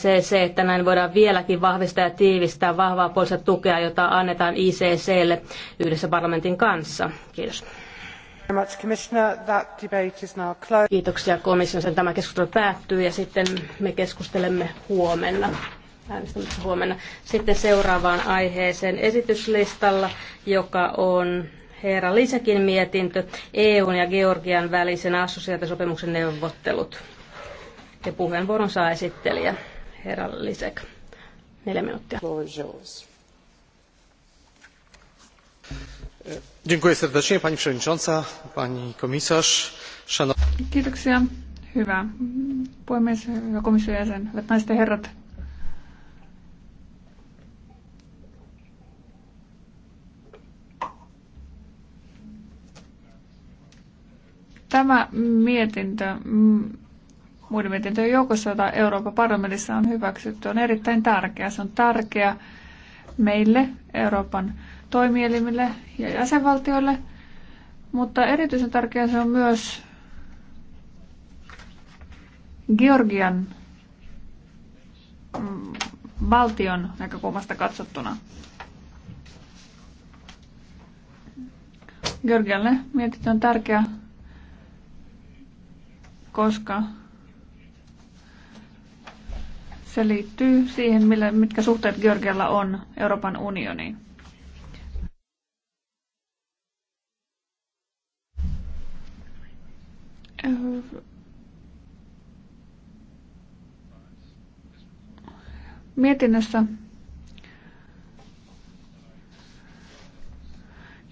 se, se, että näin voidaan vieläkin vahvistaa ja tiivistää vahvaa poissa tukea, jota annetaan ICClle yhdessä parlamentin kanssa. Kiitos. Kiitoksia komission. Sen tämä keskustelu päättyy ja sitten me keskustelemme huomenna. Äänestämme huomenna. Sitten seuraavaan aiheeseen esityslistalla, joka on Herra Lisäkin mietintö, EUn ja Georgian välisen assosiaatiosopimuksen neuvottelut. Ja puheenvuoron saa esittelijä herra Lisek. Neljä minuuttia. Dziękuję serdecznie pani przewodnicząca, pani komisarz. Szanow... Kiitoksia. Hyvä puhemies, ja komission jäsen, hyvät naiset ja herrat. Tämä mietintö mm, muiden mietintöjen joukossa, jota Euroopan parlamentissa on hyväksytty, on erittäin tärkeä. Se on tärkeä meille, Euroopan toimielimille ja jäsenvaltioille, mutta erityisen tärkeä se on myös Georgian valtion näkökulmasta katsottuna. Georgialle mietintö on tärkeä, koska se liittyy siihen, millä, mitkä suhteet Georgialla on Euroopan unioniin. Mietinnössä,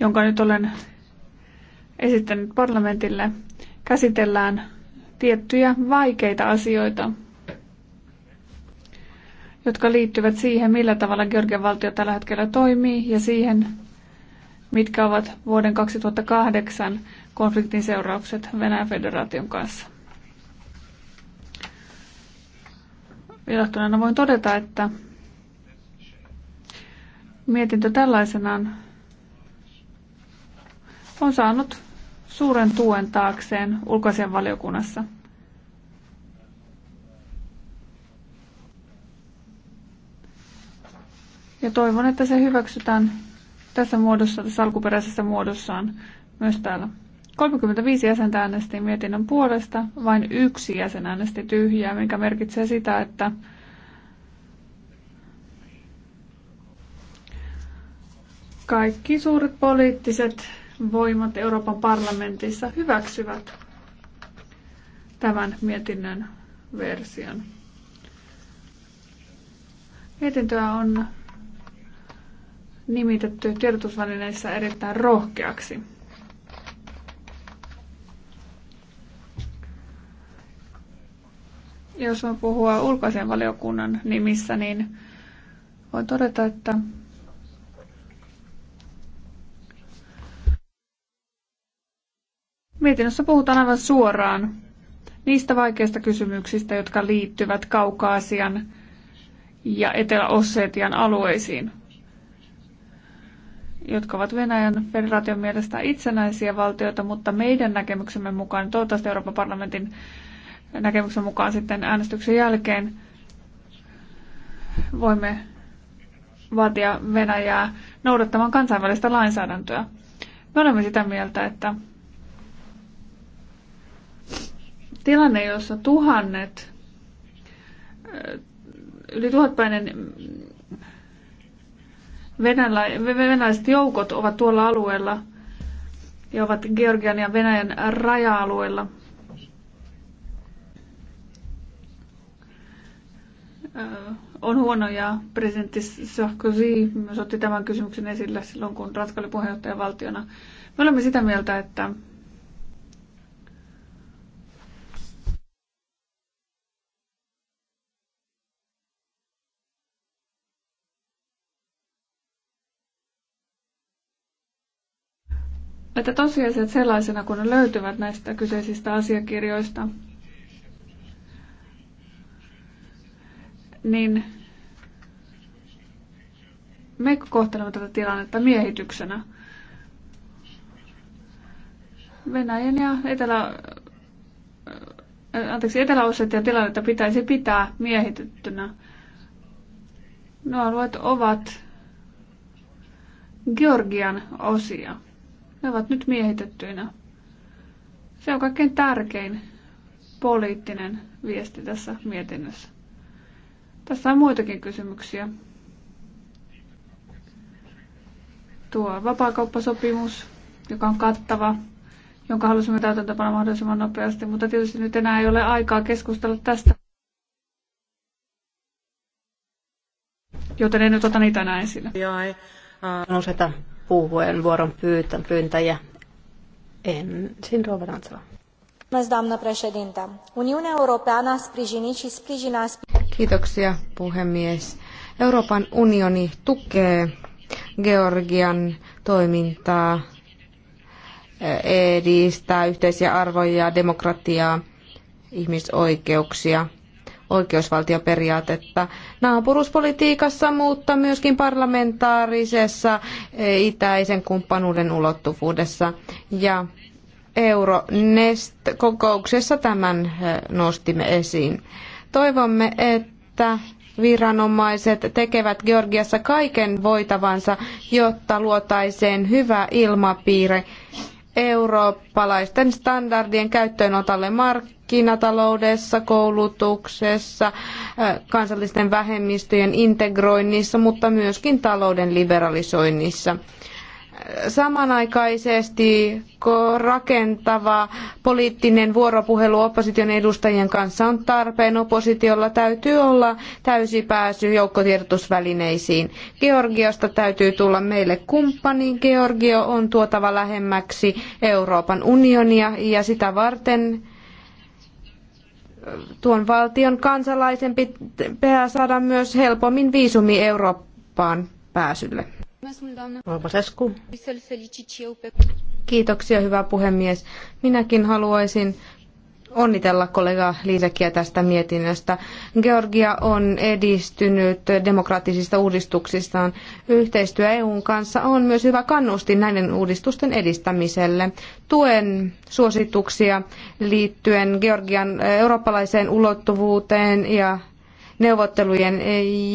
jonka nyt olen esittänyt parlamentille, käsitellään tiettyjä vaikeita asioita, jotka liittyvät siihen, millä tavalla Georgian valtio tällä hetkellä toimii ja siihen, mitkä ovat vuoden 2008 konfliktin seuraukset Venäjän federaation kanssa. Ilahtuneena voin todeta, että mietintö tällaisenaan on saanut suuren tuen taakseen ulkoisen valiokunnassa – Ja toivon, että se hyväksytään tässä muodossa, tässä alkuperäisessä muodossaan myös täällä. 35 jäsentä äänesti mietinnön puolesta, vain yksi jäsen äänesti tyhjää, mikä merkitsee sitä, että kaikki suuret poliittiset voimat Euroopan parlamentissa hyväksyvät tämän mietinnön version. Mietintöä on nimitetty tiedotusvälineissä erittäin rohkeaksi. Jos on puhua ulkoisen valiokunnan nimissä, niin voin todeta, että Mietinnössä puhutaan aivan suoraan niistä vaikeista kysymyksistä, jotka liittyvät Kaukaasian ja Etelä-Ossetian alueisiin jotka ovat Venäjän federaation mielestä itsenäisiä valtioita, mutta meidän näkemyksemme mukaan, toivottavasti Euroopan parlamentin näkemyksen mukaan sitten äänestyksen jälkeen voimme vaatia Venäjää noudattamaan kansainvälistä lainsäädäntöä. Me olemme sitä mieltä, että tilanne, jossa tuhannet, yli tuhatpäinen Venälä- venäläiset joukot ovat tuolla alueella ja ovat Georgian ja Venäjän raja-alueella. On huonoja. Presidentti Sarkozy myös otti tämän kysymyksen esille silloin, kun Ranska oli puheenjohtajavaltiona. Me olemme sitä mieltä, että että tosiasiat sellaisena, kun ne löytyvät näistä kyseisistä asiakirjoista, niin me kohtelemme tätä tilannetta miehityksenä. Venäjän ja Etelä, äh, anteeksi, etelä tilannetta pitäisi pitää miehitettynä. Nuo alueet ovat Georgian osia. Ne ovat nyt miehitettyinä. Se on kaikkein tärkein poliittinen viesti tässä mietinnössä. Tässä on muitakin kysymyksiä. Tuo vapaakauppasopimus, joka on kattava, jonka halusimme täytäntöpana mahdollisimman nopeasti, mutta tietysti nyt enää ei ole aikaa keskustella tästä. Joten en nyt ota niitä näin esille. Joo, ei. Uh, puhuen vuoron pyyntäjä. Ensin Rova Rantsala. Uniunea Europeană a sprijinit și sprijină... Kiitoksia, puhemies. Euroopan unioni tukee Georgian toimintaa, edistää yhteisiä arvoja, demokratiaa, ihmisoikeuksia – oikeusvaltioperiaatetta naapuruspolitiikassa, mutta myöskin parlamentaarisessa e, itäisen kumppanuuden ulottuvuudessa. Ja Euronest-kokouksessa tämän e, nostimme esiin. Toivomme, että viranomaiset tekevät Georgiassa kaiken voitavansa, jotta luotaiseen hyvä ilmapiiri eurooppalaisten standardien käyttöönotalle markkinoille markkinataloudessa, koulutuksessa, äh, kansallisten vähemmistöjen integroinnissa, mutta myöskin talouden liberalisoinnissa samanaikaisesti rakentava poliittinen vuoropuhelu opposition edustajien kanssa on tarpeen. Oppositiolla täytyy olla täysi pääsy joukkotiedotusvälineisiin. Georgiasta täytyy tulla meille kumppani. Georgio on tuotava lähemmäksi Euroopan unionia ja sitä varten tuon valtion kansalaisen pitää saada myös helpommin viisumi Eurooppaan pääsylle. Kiitoksia, hyvä puhemies. Minäkin haluaisin onnitella kollega Liisekiä tästä mietinnöstä. Georgia on edistynyt demokraattisista uudistuksistaan. Yhteistyö EUn kanssa on myös hyvä kannustin näiden uudistusten edistämiselle. Tuen suosituksia liittyen Georgian eh, eurooppalaiseen ulottuvuuteen ja neuvottelujen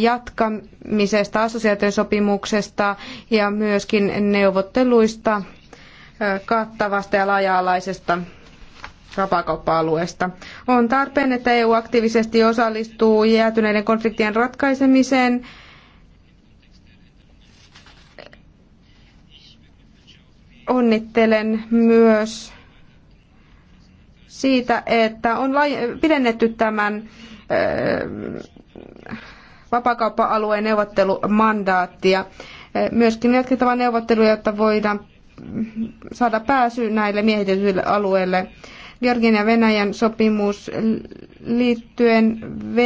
jatkamisesta, assosiaatiosopimuksesta ja myöskin neuvotteluista eh, kattavasta ja laaja-alaisesta rapakauppa alueesta On tarpeen, että EU aktiivisesti osallistuu jäätyneiden konfliktien ratkaisemiseen onnittelen myös siitä, että on pidennetty tämän vapakauppa-alueen neuvottelumandaattia. Myöskin jatkettava neuvotteluja, jotta voidaan saada pääsy näille miehitetyille alueille. Georgian ja Venäjän sopimus liittyen v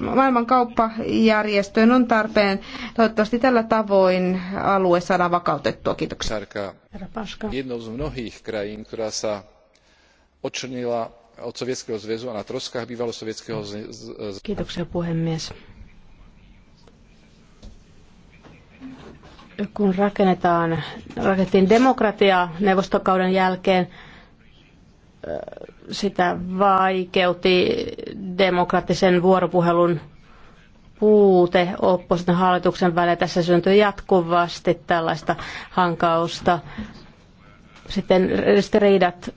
maailman kauppajärjestöön on tarpeen. Toivottavasti tällä tavoin alue saada vakautettua. Kiitoksia. Herra Paska. od zväzu a na troskách bývalo Kiitoksia puhemies. Kun rakennetaan, rakennettiin demokratiaa neuvostokauden jälkeen, sitä vaikeutti demokraattisen vuoropuhelun puute opposition hallituksen välillä. Tässä syntyi jatkuvasti tällaista hankausta. Sitten ristiriidat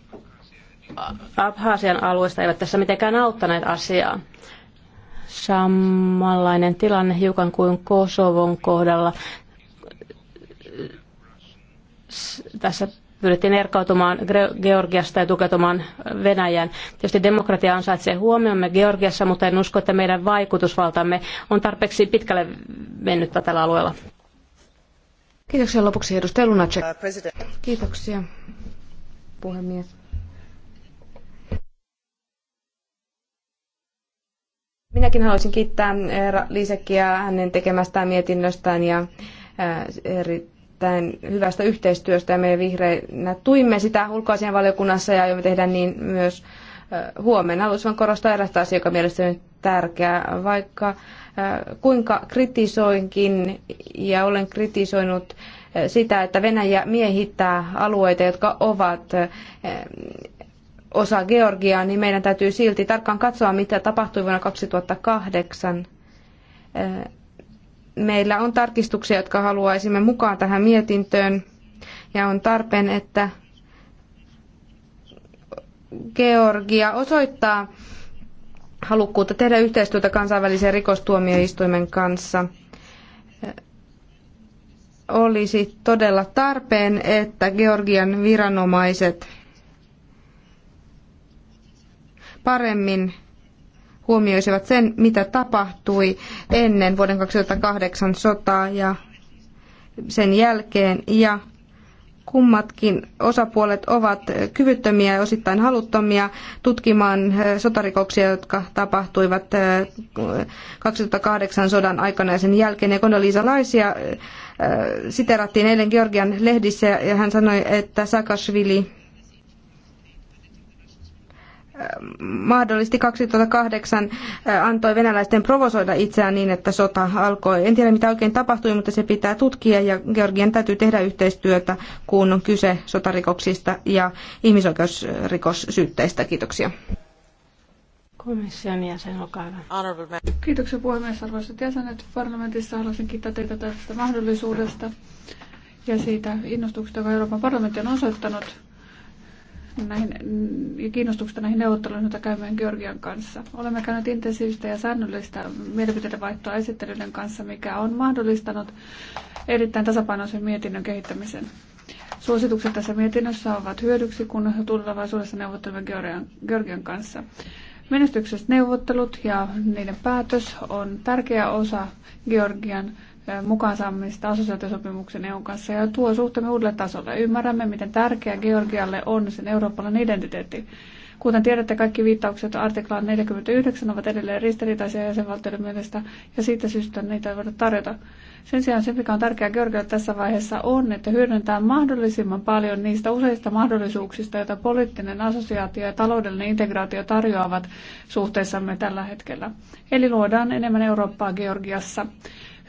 Abhaasian alueesta eivät tässä mitenkään auttaneet asiaa. Samanlainen tilanne hiukan kuin Kosovon kohdalla. Tässä pyrittiin erkautumaan Georgiasta ja tukeutumaan Venäjään. Tietysti demokratia ansaitsee huomiomme Georgiassa, mutta en usko, että meidän vaikutusvaltamme on tarpeeksi pitkälle mennyt tällä alueella. Kiitoksia lopuksi edustaja Lunacek. Uh, Kiitoksia puhemies. Minäkin haluaisin kiittää Liisekkiä hänen tekemästään mietinnöstään ja äh, eri erittäin hyvästä yhteistyöstä ja me vihreinä tuimme sitä ulkoasianvaliokunnassa ja aiomme tehdä niin myös huomenna. Haluaisin korostaa erästä asiaa, joka mielestäni on tärkeää, vaikka kuinka kritisoinkin ja olen kritisoinut sitä, että Venäjä miehittää alueita, jotka ovat osa Georgiaa, niin meidän täytyy silti tarkkaan katsoa, mitä tapahtui vuonna 2008 meillä on tarkistuksia, jotka haluaisimme mukaan tähän mietintöön ja on tarpeen, että Georgia osoittaa halukkuutta tehdä yhteistyötä kansainvälisen rikostuomioistuimen kanssa. Olisi todella tarpeen, että Georgian viranomaiset paremmin huomioisivat sen, mitä tapahtui ennen vuoden 2008 sotaa ja sen jälkeen. Ja kummatkin osapuolet ovat kyvyttömiä ja osittain haluttomia tutkimaan eh, sotarikoksia, jotka tapahtuivat 2008 eh, sodan aikana ja sen jälkeen. Ja Kondoliisa Laisia eh, siterattiin eilen Georgian lehdissä ja hän sanoi, että Saakashvili mahdollisesti 2008 antoi venäläisten provosoida itseään niin, että sota alkoi. En tiedä mitä oikein tapahtui, mutta se pitää tutkia ja Georgian täytyy tehdä yhteistyötä, kun on kyse sotarikoksista ja ihmisoikeusrikossyytteistä. Kiitoksia. Komission jäsen, olkaa Kiitoksia puhemies, arvoisat jäsenet. Parlamentissa haluaisin kiittää teitä tästä mahdollisuudesta ja siitä innostuksesta, joka Euroopan parlamentti on osoittanut näihin, ja kiinnostuksesta näihin neuvotteluihin, joita käymään Georgian kanssa. Olemme käyneet intensiivistä ja säännöllistä mielipiteiden vaihtoa esittelyiden kanssa, mikä on mahdollistanut erittäin tasapainoisen mietinnön kehittämisen. Suositukset tässä mietinnössä ovat hyödyksi, kun tulevaisuudessa neuvottelemme Georgian, Georgian kanssa. Menestykset neuvottelut ja niiden päätös on tärkeä osa Georgian Äh, mukaan saamista assosiaatiosopimuksen EUn kanssa ja tuo suhteemme uudelle tasolle. Ymmärrämme, miten tärkeä Georgialle on sen eurooppalainen identiteetti. Kuten tiedätte, kaikki viittaukset artiklaan 49 ovat edelleen ristiriitaisia jäsenvaltioiden mielestä ja siitä syystä niitä ei voida tarjota. Sen sijaan se, mikä on tärkeää Georgialle tässä vaiheessa on, että hyödynnetään mahdollisimman paljon niistä useista mahdollisuuksista, joita poliittinen assosiaatio ja taloudellinen integraatio tarjoavat suhteessamme tällä hetkellä. Eli luodaan enemmän Eurooppaa Georgiassa.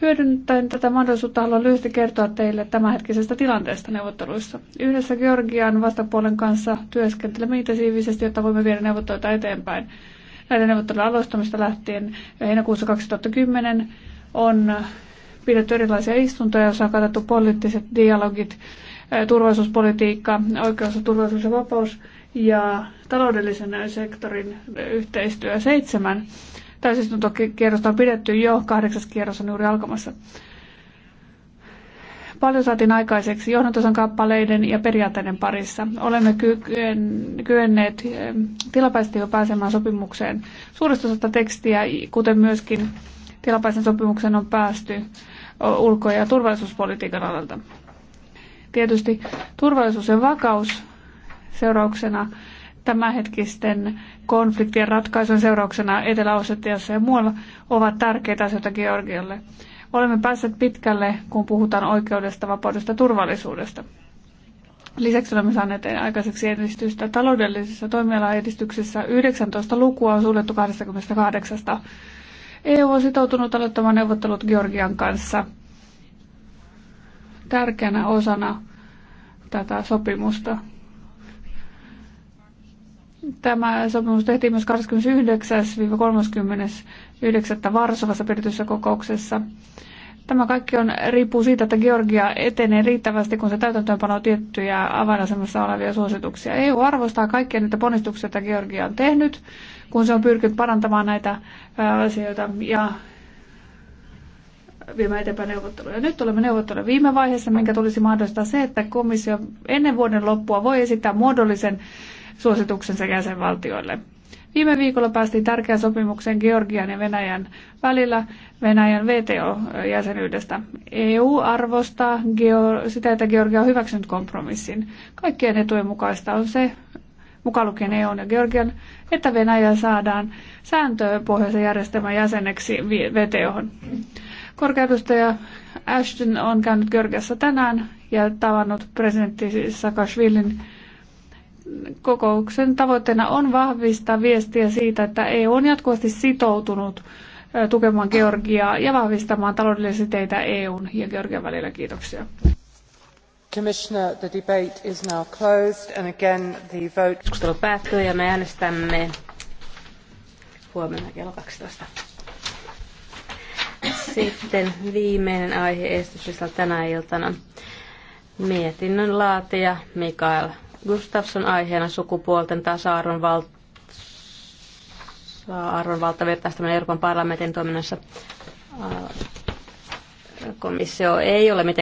Hyödyntäen tätä mahdollisuutta haluan lyhyesti kertoa teille tämänhetkisestä tilanteesta neuvotteluissa. Yhdessä Georgian vastapuolen kanssa työskentelemme intensiivisesti, jotta voimme viedä neuvotteluita eteenpäin. Näiden neuvottelujen aloittamista lähtien heinäkuussa 2010 on pidetty erilaisia istuntoja, joissa on katettu poliittiset dialogit, eh, turvallisuuspolitiikka, oikeus ja turvallisuus ja vapaus ja taloudellisen sektorin eh, yhteistyö seitsemän Täysistuntokierrosta on pidetty jo, kahdeksas kierros on juuri alkamassa. Paljon saatiin aikaiseksi johdantosan kappaleiden ja periaatteiden parissa. Olemme kyenneet tilapäisesti jo pääsemään sopimukseen suuresta osasta tekstiä, kuten myöskin tilapäisen sopimuksen on päästy ulko- ja turvallisuuspolitiikan alalta. Tietysti turvallisuus ja vakaus seurauksena tämänhetkisten konfliktien ratkaisun seurauksena Etelä-Ossetiassa ja muualla ovat tärkeitä asioita Georgialle. Olemme päässeet pitkälle, kun puhutaan oikeudesta, vapaudesta ja turvallisuudesta. Lisäksi olemme saaneet aikaiseksi edistystä taloudellisessa toimialaedistyksessä. 19 lukua on suljettu 28. EU on sitoutunut aloittamaan neuvottelut Georgian kanssa tärkeänä osana tätä sopimusta. Tämä sopimus tehtiin myös 29-39. Varsovassa pidetyssä kokouksessa. Tämä kaikki on, riippuu siitä, että Georgia etenee riittävästi, kun se täytäntöönpano tiettyjä avainasemassa olevia suosituksia. EU arvostaa kaikkia niitä ponnistuksia, joita Georgia on tehnyt, kun se on pyrkinyt parantamaan näitä asioita ja viemään eteenpäin neuvotteluja. Nyt olemme neuvottelujen viime vaiheessa, minkä tulisi mahdollistaa se, että komissio ennen vuoden loppua voi esittää muodollisen suosituksensa jäsenvaltioille. Viime viikolla päästiin tärkeään sopimukseen Georgian ja Venäjän välillä Venäjän VTO-jäsenyydestä. EU arvostaa sitä, että Georgia on hyväksynyt kompromissin. Kaikkien etujen mukaista on se, mukaan lukien EU ja Georgian, että Venäjä saadaan pohjoisen järjestelmän jäseneksi VTOhon. Korkeudustaja Ashton on käynyt Georgiassa tänään ja tavannut presidentti Saakashvillin kokouksen tavoitteena on vahvistaa viestiä siitä, että EU on jatkuvasti sitoutunut tukemaan Georgiaa ja vahvistamaan taloudellisia teitä EUn ja Georgian välillä. Kiitoksia. Commissioner, the debate is now closed and again the vote... Keskustelu päättyy ja me äänestämme huomenna kello 12. Sitten viimeinen aihe esityslistalla tänä iltana. Mietinnön laatija Mikael Gustafsson aiheena sukupuolten tasa-arvon val- arvon valtavirtaistaminen Euroopan parlamentin toiminnassa komissio ei ole mitenkään